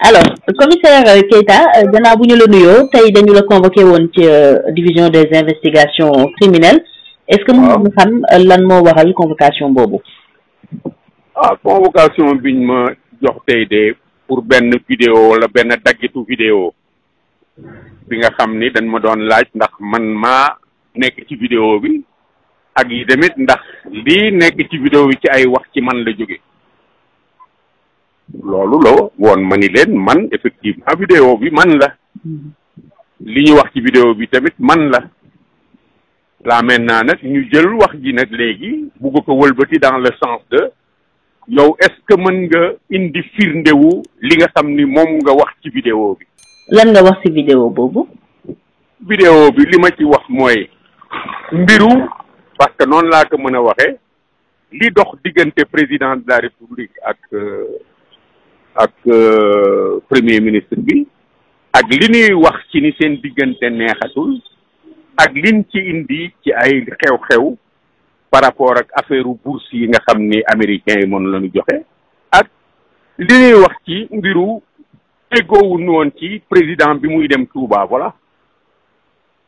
alors commissaire euh, Keita euh, gannaaw bu ñu la nuyoo tey dañu la convoqué woon ci euh, division des investigations criminelles est-ce que mën nga ah. xam moo waral convocation boobu ah convocation biñ ma jox tey de pour benn vidéo wala benn daggitu vidéo bi nga xam ni dañ ma doon laaj ndax man maa nekk ci vidéo bi ak yi tamit ndax lii nekk ci vidéo bi ci ay wax ci man la jóge loolu la woon ma ni leen man effectivement vidéo bi man la hmm. li ñu wax ci vidéo bi tamit man la la maintenant nag ñu jël wax ji nag léegi bugg ko wëlbati dans le sens de yow est-ce que mën nga indi firndewu li nga xam ni moom nga wax ci vidéo bi lan nga wax ci vidéo boobu vidéo bi li ma ci wax mooy mbiru parce que noonu laa ko mën a waxee li dox diggante président de la république ak euh, ak euh, premier ministre bi ak li ñuy wax ci ni seen diggante neexatul ak liñ ci indi ci ay xew-xew par rapport ak affaire bourse yi nga xam ni américains yi moom la ñu joxe ak li ñuy wax ci mbiru déggoowuñu woon ci président bi muy dem tuuba voilà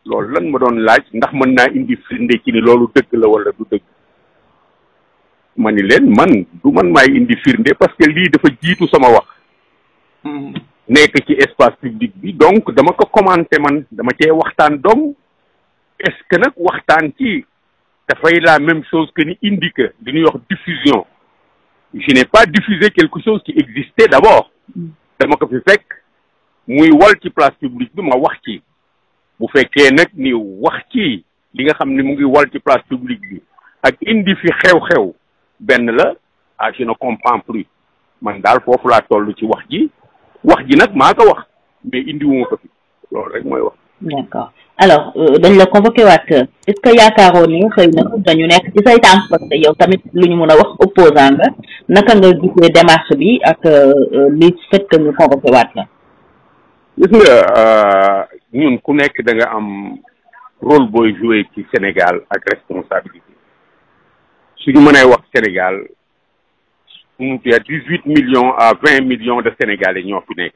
loolu lan ma doon laaj ndax mën naa indi firnde ci ni loolu dëkk la wala du dëgg ma ni leen man du man maay indi firnde parce que lii dafa jiitu sama wax hmm. nekk ci espace public bi donc dama ko commenté man dama cee waxtaan dong est nag waxtaan ci dafay la même chose que ni indique li ñuy wax diffusion je n'ai pas diffusé quelque chose qui existait d'abord hmm. dama ko fi fekk muy wal ci place publique bi ma wax ci bu fekkee nag ni wax ci li nga xam ni mu ngi wal ci place publique bi ak indi fi xew-xew benn la ah je ne plus man daal foofu laa toll ci wax ji wax ji nag maa ko wax mais indiwuma ko fi loolu rek mooy wax. d'accord alors euh, dañ la convoqué waat euh, est-ce que yaakaaroon ni xëy na dañu nekk ci say tànk parce que yow tamit lu ñu mën a wax opposant nga naka nga gisee démarche bi ak euh, li fait que ñu convoqué waat la. gis nga ñun ku nekk da nga am rôle booy jouer ci Sénégal ak responsabilité. suñu mënee wax Sénégal mu tuya dix huit millions à vingt millions de Sénégalais ñoo fi nekk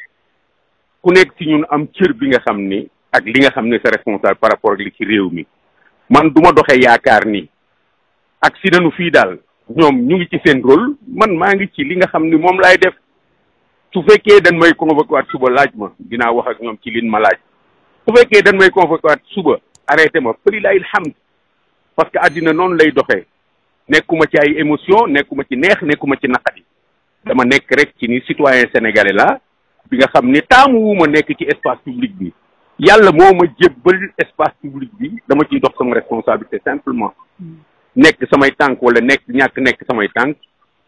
ku nekk ci ñun am cër bi nga xam ni ak li nga xam ne sa responsable par rapport ak li ci réew mi man du ma doxee yaakaar ni ak si nañu fii daal ñoom ñu ngi ci seen rôle man maa ngi ci li nga xam ni moom laay def su fekkee dañ may convoqué waat suba laaj ma dinaa wax ak ñoom ci liin ma laaj su fekkee dañ may convoqué at suba arrêté ma fëri layil hamd parce que àddina noonu lay doxee nekkuma ci ay émotion nekkuma ci neex nekkuma ci naqat yi dama nekk rek ci ni citoyen sénégalais la bi nga xam ni taamu ma nekk ci espace public bi yàlla moom ma jébbal espace public bi dama ciy dox sama responsabilité simplement nekk samay tànk wala nekk ñàkk nekk samay tànk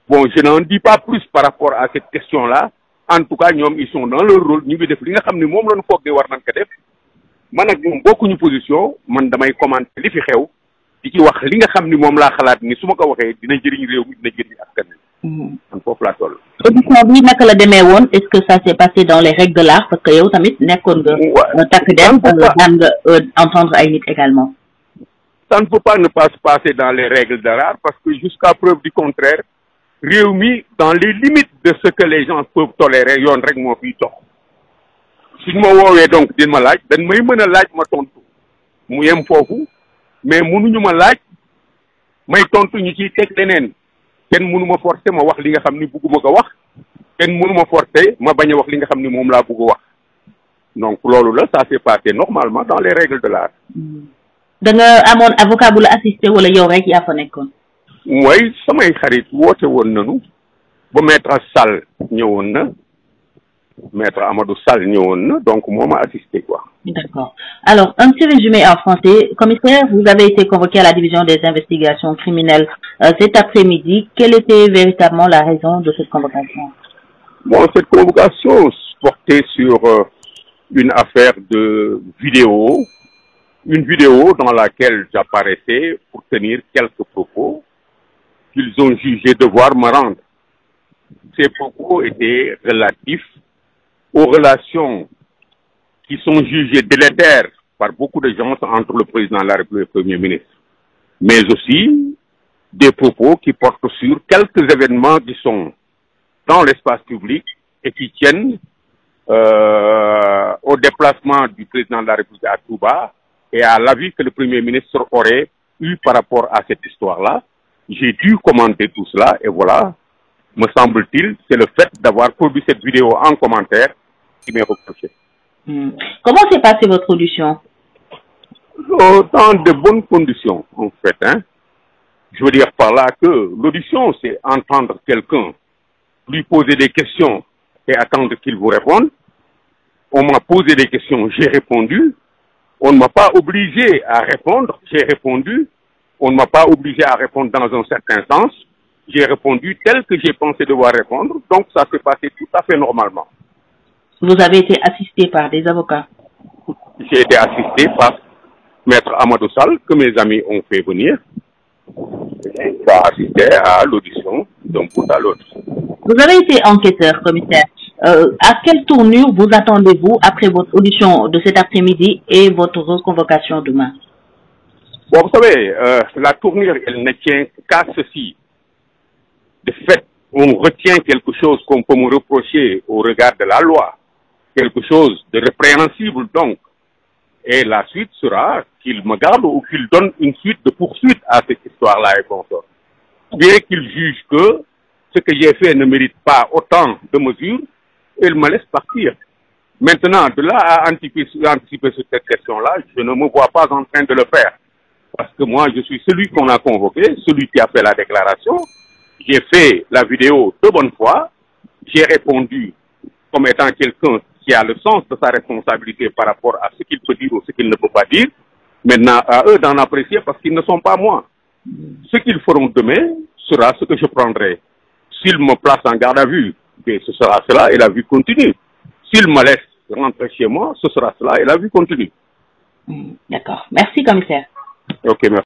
bon je n'en dis pas plus par rapport à cette question là en tout cas ñoom ils sont dans leur rôle ñu ngi def li nga xam ne moom lañu foog de war nañ ko def man ak ñoom bokkuñu man damay commenter li fi xew di ci wax li nga xam ni moom laa xalaat ni su ma ko waxee dina jëriñ réew mi dina jëriñ askan wi. Mm-hmm. man foofu laa toll. audition bi naka la demee woon est-ce que ça s'est passé dans les règles de l'art parce que yow tamit nekkoon nga. takk dem euh, daan nga euh, entendre ay nit également. ça ne peut pas ne pas se passer dans les règles de l'art parce que jusqu'à preuve du contraire réew mi dans les limites de ce que les gens peuvent tolérer yoon rek moo fiy dox suñ ma woowee donc din ma laaj dañ may mën a laaj ma tontu mu yem foofu. mais mënuñu ma laaj may tontu ñu ciy teg leneen kenn mënu ma ma wax li nga xam ni bugguma ko wax kenn mënu ma forcer ma bañ a wax li nga xam ni moom laa bugg wax donc loolu la sa s'est passé normalement dans les règles da amoon avocat bu la assisté wala yow rek yaa fa nekkoon. mooy samay xarit woote woon nañu ba maître Sall ñëwoon na. maître Amadou Sall ñëwoon donc moo ma assisté quoi. D'accord. Alors, un petit résumé en français. Commissaire, vous avez été convoqué à la division des investigations criminelles euh, cet après-midi. Quelle était véritablement la raison de cette convocation? Bon, sur euh, une affaire de vidéo, une vidéo dans laquelle j'apparaissais pour tenir quelques propos qu'ils ont jugé devoir me rendre. Ces propos étaient relatifs aux relations qui sont jugées délétères par beaucoup de gens entre le président de la République et le Premier ministre, mais aussi des propos qui portent sur quelques événements qui sont dans l'espace public et qui tiennent euh, au déplacement du président de la République à Touba et à l'avis que le Premier ministre aurait eu par rapport à cette histoire-là. J'ai dû commenter tout cela et voilà, me semble-t-il, c'est le fait d'avoir produit cette vidéo en commentaire qui m'est reproché. Mmh. Comment s'est passée votre audition euh, Dans de bonnes conditions, en fait. Je veux dire par là que l'audition, c'est entendre quelqu'un, lui poser des questions et attendre qu'il vous réponde. On m'a posé des questions, j'ai répondu. On ne j'ai répondu. On ne m'a pas obligé à répondre dans un certain sens. j'ai répondu tel que j'ai pensé devoir répondre, donc ça s'est passé tout à fait normalement. Vous avez été assisté par des avocats J'ai été assisté par Maître Amadou Sall, que mes amis ont fait venir. J'ai assisté à l'audition d'un bout à l'autre. Vous avez été enquêteur, commissaire. Euh, à quelle tournure vous attendez-vous après votre audition de cet après-midi et votre reconvocation demain Bon, vous savez, euh, la tournure, elle ne tient qu'à ceci. de fait, on retient quelque chose qu'on peut me reprocher au regard de la loi, quelque chose de répréhensible donc. Et la suite sera qu'il me garde ou qu'il donne une suite de poursuite à cette histoire-là et consort. Ou bien qu'il juge que ce que j'ai fait ne mérite pas autant de mesures, et il me laisse partir. Maintenant, de là à anticiper, sur cette question-là, je ne me vois pas en train de le faire. Parce que je suis celui qu'on a convoqué, celui qui la déclaration, J'ai fait la vidéo deux bonnes fois. J'ai répondu comme étant quelqu'un qui a le sens de sa responsabilité par rapport à ce qu'il peut dire ou ce qu'il ne peut pas dire. Maintenant, à eux d'en apprécier parce qu'ils ne sont pas moi. Ce qu'ils feront demain sera ce que je prendrai. S'ils me placent en garde à vue, bien, ce sera cela et la vue continue. S'ils me laissent rentrer chez moi, ce sera cela et la vue continue. Hmm, d'accord. Merci, commissaire. Ok, merci.